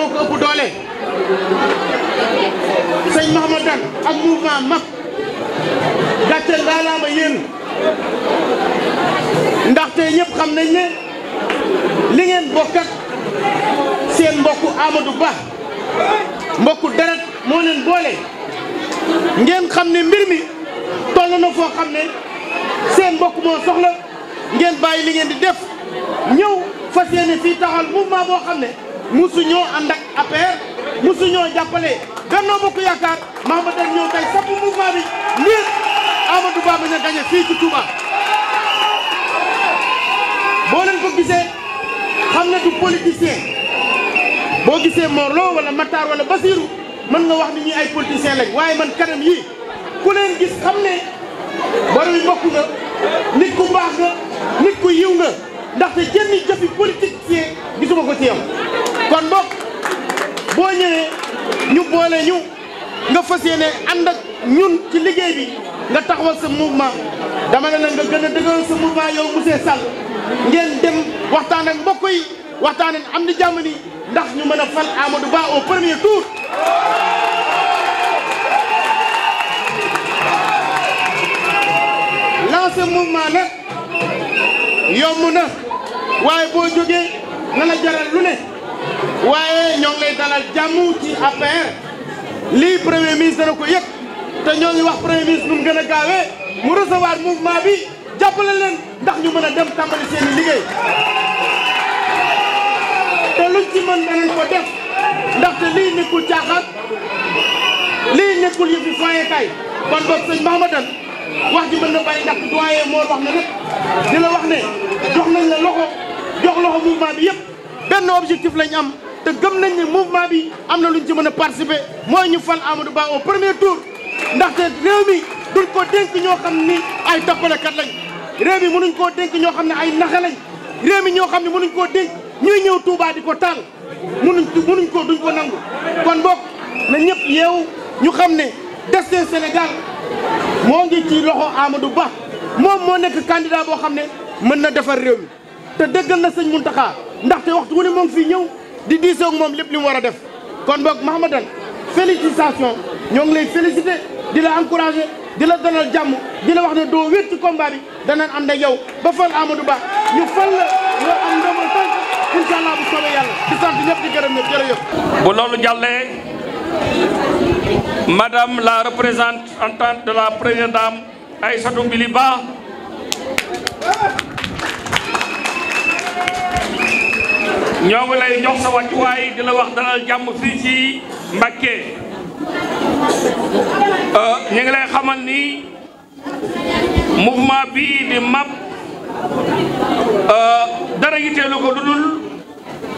moo ko ëpp doole sëñ Mahamadan ak mouvement MAP gàcce ngaalaama yéen ndaxte ñëpp xam nañ ne li seen mbokku Amadou Ba mbokku deret moo leen boole ngeen xam ne mbir mi toll na foo xam ne seen mbokk moo soxla ngeen bàyyi li ngeen di def ñëw fas yéene fii taxal mouvement boo xam ne musu ñoo ànd ak APR musu ñoo jàppale Benno Bokk Yaakaar Mahamadan ñëw tey sapp mouvement bi ngir Amadou a gañe fii ci Touba boo leen ko gisee xam ne du politicien boo gisee Mor Lo wala Matar wala Basiru mën nga wax ni ñuy ay politicien lañ waaye man kanam yii ku leen gis xam ne borom mbokk nga nit ku baax nga nit ku yiw nga ndaxte jënni jëfi politique ñëwee ñu boole ñu nga fas yéene ñun ci liggéey bi nga taxawal sa mouvement dama ne la nga gën a dëgëral sa mouvement yow monsieur Sall ngeen dem waxtaan ak mbokk yi waxtaan am na jàmm ndax ñu mën a fal Amadou Ba au premier tour. lancer mouvement nag yomb na waaye boo jógee na la jaral lu ne. waaye ñoo lay dalal jàmm ci APR lii premier ministre dana ko yëg te ñoo ngi wax premier ministre nu mu gën a gaawee mu recevoir mouvement bi jàppale leen ndax ñu mën a dem tàmbali seen liggéey te luñ ci mën danañ ko def ndaxte lii nekkul caaxaan lii nekkul yëfi foyee kay kon boog sëñ Mahamadan wax ji mën na bàyyi ndax doyen moo wax na nag di la wax ne jox nañ la loxo jox loxo mouvement bi yëpp benn objectif lañ am te gëm nañ ne mouvement bi am na lu ñu ci mën a participer mooy ñu fal Amadou Ba au premier tour ndaxte réew mi duñ ko dénk ñoo xam ni ay toppalekat lañ réew mi mënuñ koo dénk ñoo xam ne ay naxe lañ réew mi ñoo xam ne mënuñ koo dénk ñuy ñëw Touba di ko taal mënuñ mënuñ ko duñ koo nangu kon bokk na ñëpp yeewu ñu xam ne destin Sénégal moo ngi ci loxo Amadou Ba moom moo nekk candidat boo xam ne mën na defar réew mi te dëggal na sëñ Mountakha ndaxte waxtu wu ne moo fii ñëw di diisoog moom lépp li mu war a def kon boog Mahamadan félicitation ñoo ngi lay félicité di la encouragé di la dalal jàmm di la wax ne doo wér ci combat bi danañ ànd ak yow ba fal Amadou Ba ñu fal la nga am ndëmal tànk incha allah bu soobee yàlla di sant ñëpp di gërëm ñëpp bu loolu jàllee madame la représentante de la première dame Aïssatou Bili Ba ñoo ngi lay jox sa wàccuwaay di la wax dalal jàmm fii ci Mbàkke euh, ñu ngi lay xamal ni mouvement bi di MAP euh, dara yitteelu ko lu dul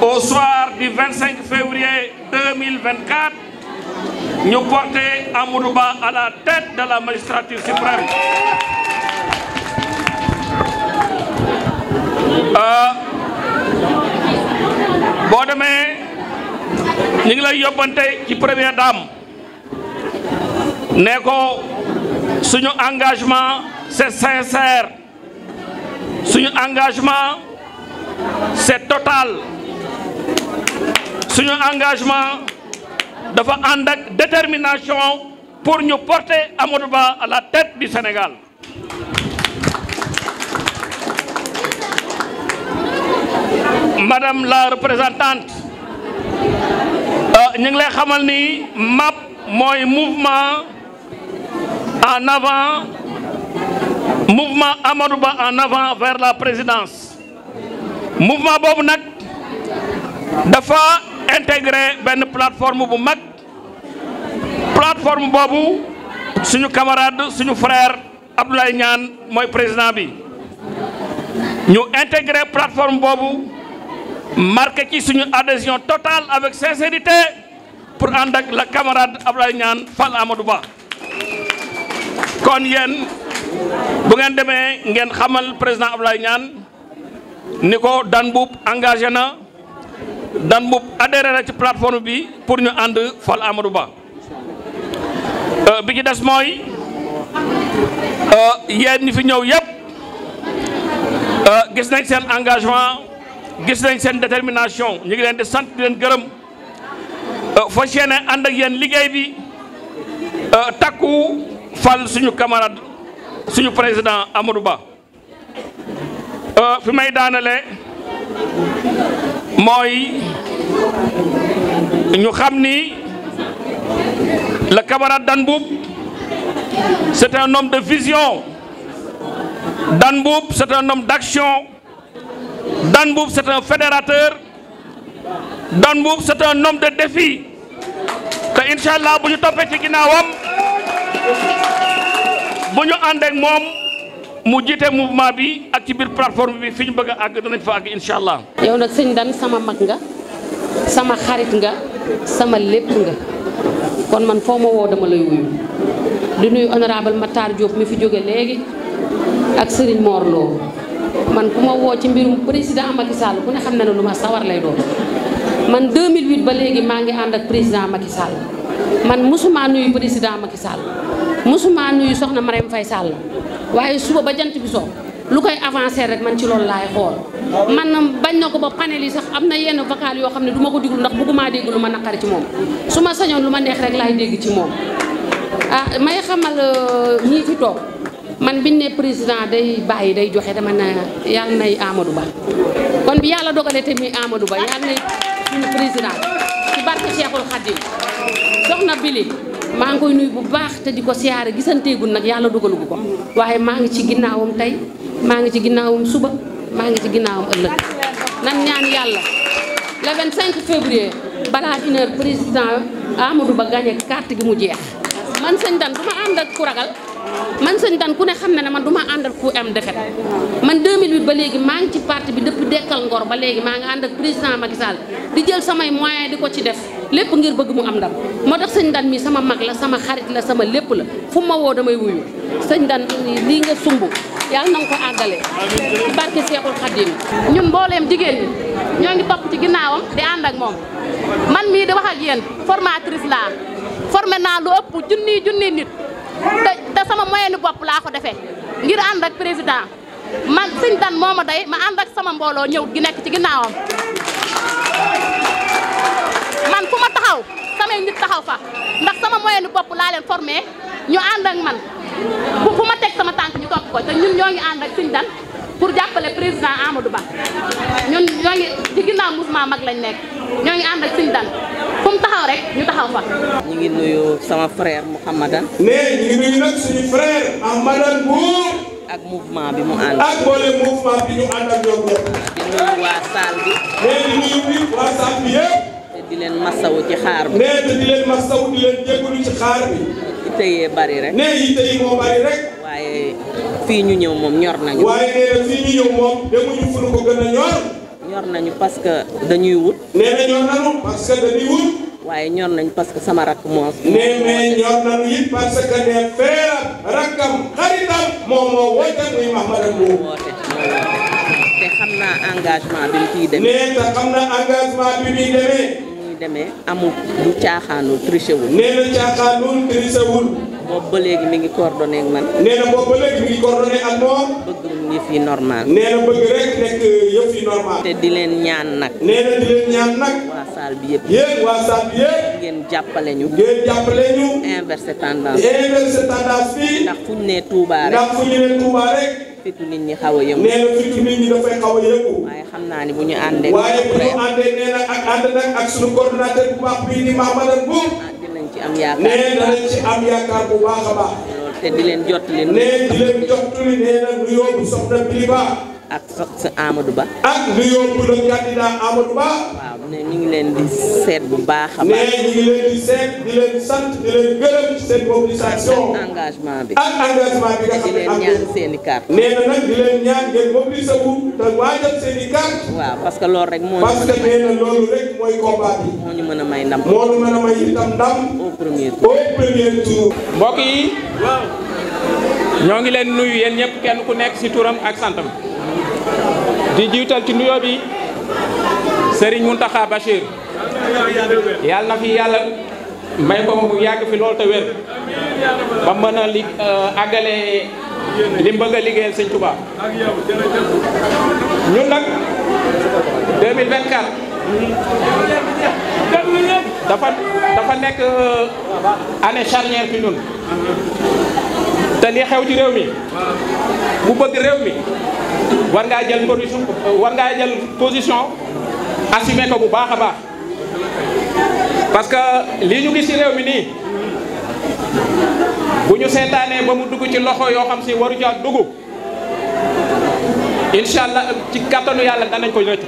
au soir du 25 février 2024 ñu porté Amadou Ba à la tête de la magistrature suprême. Euh, demee ñu ngi lay yóbbante ci première dame ne ko suñu engagement c'est sincère suñu engagement c'est total suñu engagement dafa ànd ak détermination pour ñu porter Amadou Ba à la tête du Sénégal madame la représentante euh, ñu ngi lay xamal ni MAP mooy mouvement en avant mouvement Amadou en avant vers la présidence mouvement boobu nag dafa intégré benn plateforme bu mag plateforme boobu suñu camarade suñu frère Abdoulaye ñaan mooy président bi ñu intégré plateforme boobu marqué ci suñu adhésion totale avec sincérité pour ànd ak la camarade Abdoulaye Niane Fall Amadou Ba kon yéen bu ngeen demee ngeen xamal président Abdoulaye ñaan ni ko Dan Mboup engagé na Dan Mboup adhéré na ci plateforme bi pour ñu ànd Fall Amadou Ba euh, bi ci des mooy euh, yéen ñi fi ñëw yëpp euh, gis nañ seen engagement gis nañ seen détermination ñu ngi leen di sant di leen gërëm euh, fas yéene ànd ak liggéey bi euh, takku fal suñu camarade suñu président Amadou Ba euh, fi may daanale mooy ñu xam ni la camarade Dan Mboup c'est un de vision Dan Mboup c'est un homme d'action Dan Boub c'est un fédérateur Dan Boub c'est un homme de défi te incha allah bu ñu toppee ci ginnaawam bu ñu ànd ak moom mu jiite mouvement bi ak ci biir plateforme bi fi ñu bëgg a àgg danañ fa àgg incha allah. yow nag sëñ Dan sama mag nga sama xarit nga sama lépp nga kon man foo ma woo dama lay wuyu di nuyu honorable Matar Diop mi fi jóge léegi ak Serigne Mor man ku ma woo ci mbirum président Macky Sall ku ne xam na ne lu ma sawar lay doon man 2008 ba léegi maa ngi ànd ak président Macky Sall man mosuma nuyu président Macky Sall mosuma nuyu soxna Marème Faye Sall waaye suba ba jant bi so lu koy avancé rek man ci loolu laay xool man bañ na ko ba panel yi sax am na yenn vocal yoo xam ne duma ko diglu ndax bëgguma dégg lu ma naqari ci moom su ma sañoon lu ma neex rek laay dégg ci moom ah may xamal euh, ñii fi toog man biñ ne président day bàyyi day joxe dama na yàlla nay Amadou Ba kon bi yàlla dogalee te muy Amadou Ba yàlla nay suñu président ci barke Cheikhul Khadim soxna Bili maa ngi koy nuyu bu baax te di ko siyaare gisanteegul nag yàlla dogalugu ko waaye maa ngi ci ginnaawam tey maa ngi ci ginnaawam suba maa ngi ci ginnaawam ëllëg nan ñaan yàlla le 25 février balaa une président Amadou Ba gagné carte gi mu jeex man sëñ Dan du ma ànd ak ku ragal man sëñ Dan ku ne xam na ne man du ma àndal ku am defet man 2008 ba léegi maa ngi ci parti bi dëpp dekkal ngor ba léegi maa ngi ànd ak président Macky Sall di jël samay moyens di ko ci def lépp ngir bëgg mu am ndam moo tax sëñ Dan mi sama mag sama xarit la sama lépp la fu ma woo damay wuyu sëñ Dan lii nga sumb yàlla na nga ko àggale ci barke Seexul Xadim ñun mbooleem jigéen ñi ñoo ngi topp ci ginnaawam di ànd ak moom man mii di wax ak yéen formatrice laa formé naa lu ëpp junniy junniy nit te te sama moyenu bopp laa ko defee ngir ànd ak président man suñ dan moo ma day ma ànd ak sama mbooloo ñëw gi nekk ci ginnaawam man fu ma taxaw samay nit taxaw fa ndax sama moyenu bopp laa leen formé ñu ànd ak man fu ma teg sama tànk ñu topp ko te ñun ñoo ngi ànd ak dan pour jàppale président Amadou Ba ñun ñoo ngi ci ginnaaw mouvement mag lañ nekk ñoo ngi ànd ak dan fu mu taxaw rek ñu taxaw fa. ñu ngi nuyu sama frère Mouhamadan. mais ñu nuyu nag suñu frère Mouhamadan Mbour. ak mouvement bi mu ànd. ak boole mouvement bi ñu ànd ak ñoom ñëpp. di nuyu waa salle bi. mais di nuyu waa salle bi yëpp. te di leen masawu ci xaar bi. mais te di leen masawu di leen jégalu ci xaar bi. yitte yee bari rek. mais yitte yi moo bari rek. waaye fii ñu ñëw moom ñor nañu. waaye fii ñu ñëw moom demuñu fu ñu ko gën a ñor. ñor nañu parce que dañuy wut. nee ñor nañu parce dañuy wut. waaye ñor nañu parce que sama rakk moo. nee ñor nañu it parce que nee rakkam xaritam moom moo woote muy Mahmadou Mbow. moo woote te xam naa engagement bi mu demee. nee xam naa engagement bi muy demee. amul du caaxaanul triché wul. nee na boobu ba léegi mi ngi coordonné ak man. nee na boobu ba léegi mi ngi coordonné moom. bëgg yëf yi normal. nee bëgg rek nekk yëf yi normal. te di leen ñaan nag. nee na di leen ñaan nag. waa salle bi yëpp. yéen waa salle jàppale ñu. ngeen jàppale ñu. inverser tendance. inverser ndax fu ñu nee Touba rek. fu ñu nee Touba rek. fitu nit ñi xaw a yëngu. nee na nit ñi dafay xaw a yëngu. waaye xam naa ni bu ñu àndee. waaye ak ànd nag ak suñu coordonnateur bu baax bii di Mamadou Mbour. am yaakaar nee ci am yaakaar bu baax a baax. te di leen jot leen. nee di leen jot tuuti nee na ak sa Amadou Ba. ak lu yóbbu la candidat Amadou Ba. waaw ne ñu ngi leen di seet bu baaxam a baax. ñu ngi leen di seet di leen sant di leen gërëm seen mobilisation. bi. ak engagement bi nga xam parce que loolu rek moo bi. mën a may ndam. moo ñu ñoo ngi leen nuyu yéen ñëpp kenn ku nekk ci turam ak santam. di jiital ci nuyoo bi Serigne Mountakha Bachir yàlla na fi yàlla may ko mu yàgg fi loolu te wér mën a li euh, àggale li mu bëgg a liggéeyal Sëñ Touba ñun nag 2024 dafa dafa nekk euh, année charnière fi ñun. te li xew ci réew mi bu bëgg réew mi war ngaa jël position war ngaa jël position assumer ko bu baax a baax parce que li ñu gis ci réew mi nii bu ñu seetaanee ba mu dugg ci loxo yoo xam si waru ca dugg incha ci kàttanu yàlla danañ ko rëcc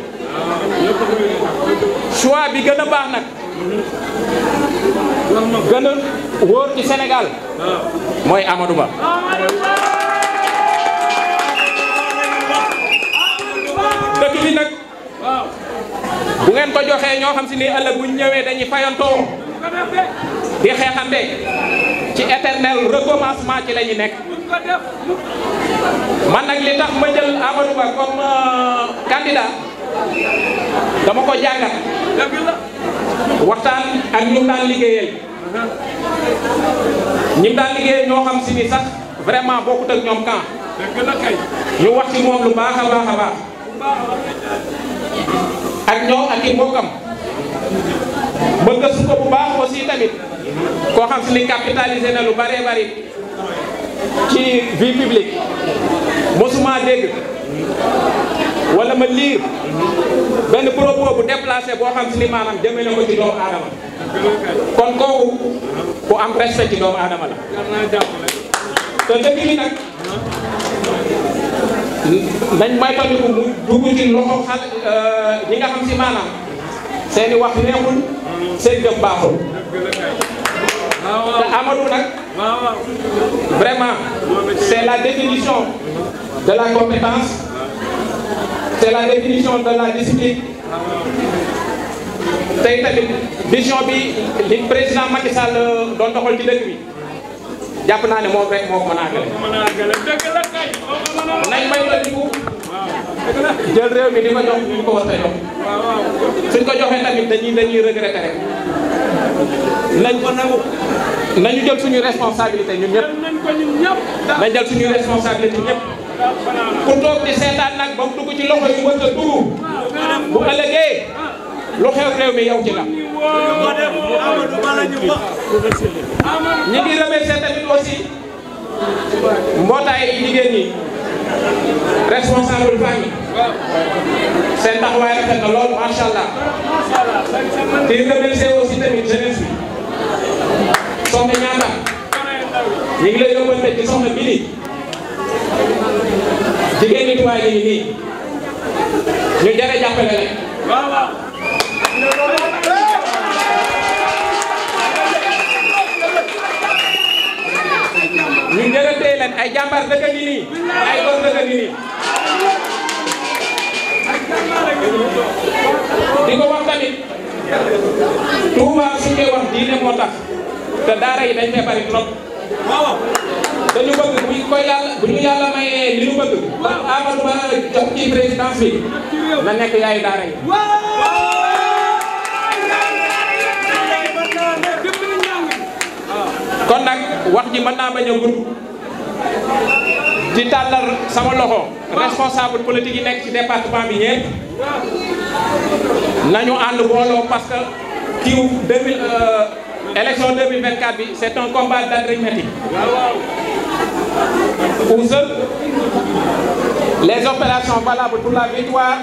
choix bi gën a baax nag gën wóor ci Sénégal mooy Amadou Ba dëkk bi nag bu ngeen ko joxee ñoo xam si ni ëllëg bu ñëwee dañuy fayantoo di xeexante ci éternel recommencement ci la nekk man nag li tax ma jël Amadou Ba comme euh, candidat dama ko jàngat waxtaan ak ñu daan liggéeyal ñi daan liggéey ñoo xam si ni sax vraiment bokkut ak ñoom camp ñu wax ci moom lu baax ak ñoom ak i mbokkam ba gëstu ko bu baax aussi tamit koo xam si ni capitalisé na lu bëree bëri ci vie publique mosuma dégg wala ma liir benn propos bu déplacé boo xam si ni maanaam jëme na ko ci kon kooku ku am respect ci doomu aadama bi nag nañ may ko mu dugg ci loxo xal euh, ñi nga xam si maanaam seeni wax neexul seen jëf baaxul te Amadou nag vraiment c'est la définition de la compétence c'est la définition de la vision bi li président Macky Sall euh, doon doxal ci dëkk bi jàpp naa ne moom rek moo ko mën a nañ may la diku jël réew mi di ko jox ñu ko war a jox ko joxee tamit dañuy dañuy regretter rek nañ ko nangu nañu jël suñu responsabilité ñun ñëpp nañ jël suñu responsabilité ñun ku toog di seetaan nag ba mu dugg ci loxo yu wëkk a dugg bu ëllëgee lu xew réew mi yow ci la. ñu ngi remercier tamit aussi mbootaay jigéen ñi responsable famille seen taxawaay rafet na lool macha allah te ñu remercier aussi tamit jeunesse bi soxna ñaata ñu ngi lay yóbbante ci soxna Bini. jigéen ñi tubaab yi nii ñu jërë jàppale rek waaw waaw ñu jërë tey ay jàmbaar dëkk ngi nii ay góor dëkk ngi nii di ko wax tamit Touba su ñu koy moo tax te daara yi dañ fee bari trop dañu li ñu nekk yaayu kon nag wax ji mën naa bañ a gudd di tàllal sama loxo responsable politique yi nekk ci département bi ñëpp nañu ànd booloo parce que kiiw 2000 euh, élection 2024 bi c'est un combat d'arithmétique. Ou les opérations valables pour la victoire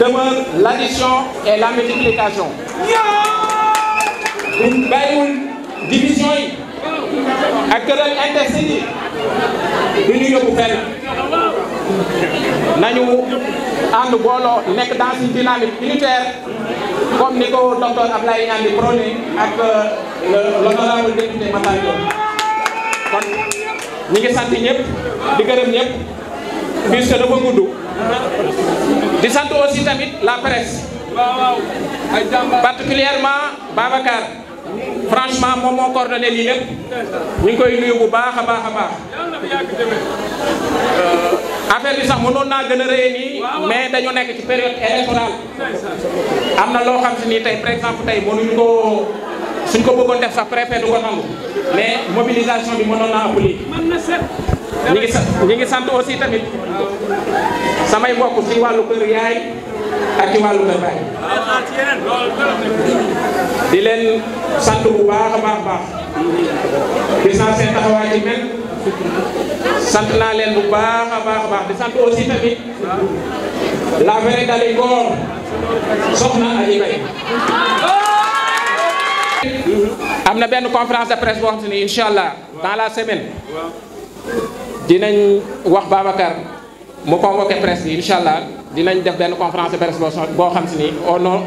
demeurent l'addition et la multiplication. buñ bàyyiwul division yi ak këral intestine du ñu yóbbu nañu ànd booloo nekk dans une dynamique unitaire comme ni ko docteur Abdoulaye Niane di prôné ak euh, l'honorable député Matar Diop ñi ngi sant ñëpp di gërëm ñëpp puisque dafa gudd di sant aussi tamit la presse particulièrement Babacar franchement moom moo coordonné lii lépp ñu ngi koy nuyu bu baax a baax a baax euh, affaire bi sax mënoon naa gën a rëy nii mais dañu nekk ci période électorale am na loo xam si nii tey par exemple tey mënuñu ko suñ ko bëggoon def sa préfet du ko nangu mais mobilisation bi mënoon naa ëpp ñi ngi sant aussi tamit samay mbokk ci wàllu kër yaay ak ci wàllu kër baay di leen sant bu baax a baax baax di sant naa leen bu baax a baax sant aussi tamit la vraie Dali Ngor soxna Aliou Mbaye na benn conférence de presse boo xam te ni la semaine dinañ wax Babacar mu convoqué presse bi incha allah dinañ def benn conférence de presse boo xam te ni au nom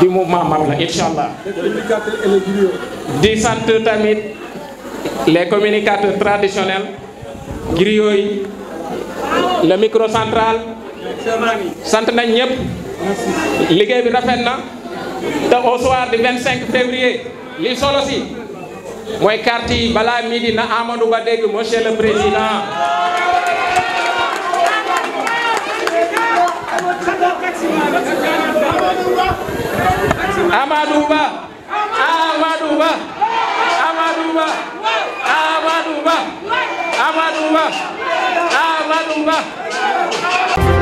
du mouvement Maam la incha allah. di sant tamit les communicateurs traditionnels griots yi le micro central sant nañ ñëpp liggéey bi rafet na te au soir du février. li solo si mooy carte yi balaa midi na Amadou Ba dégg monsieur le président. Amadou Ba Amadou Ba Amadou Ba Amadou Ba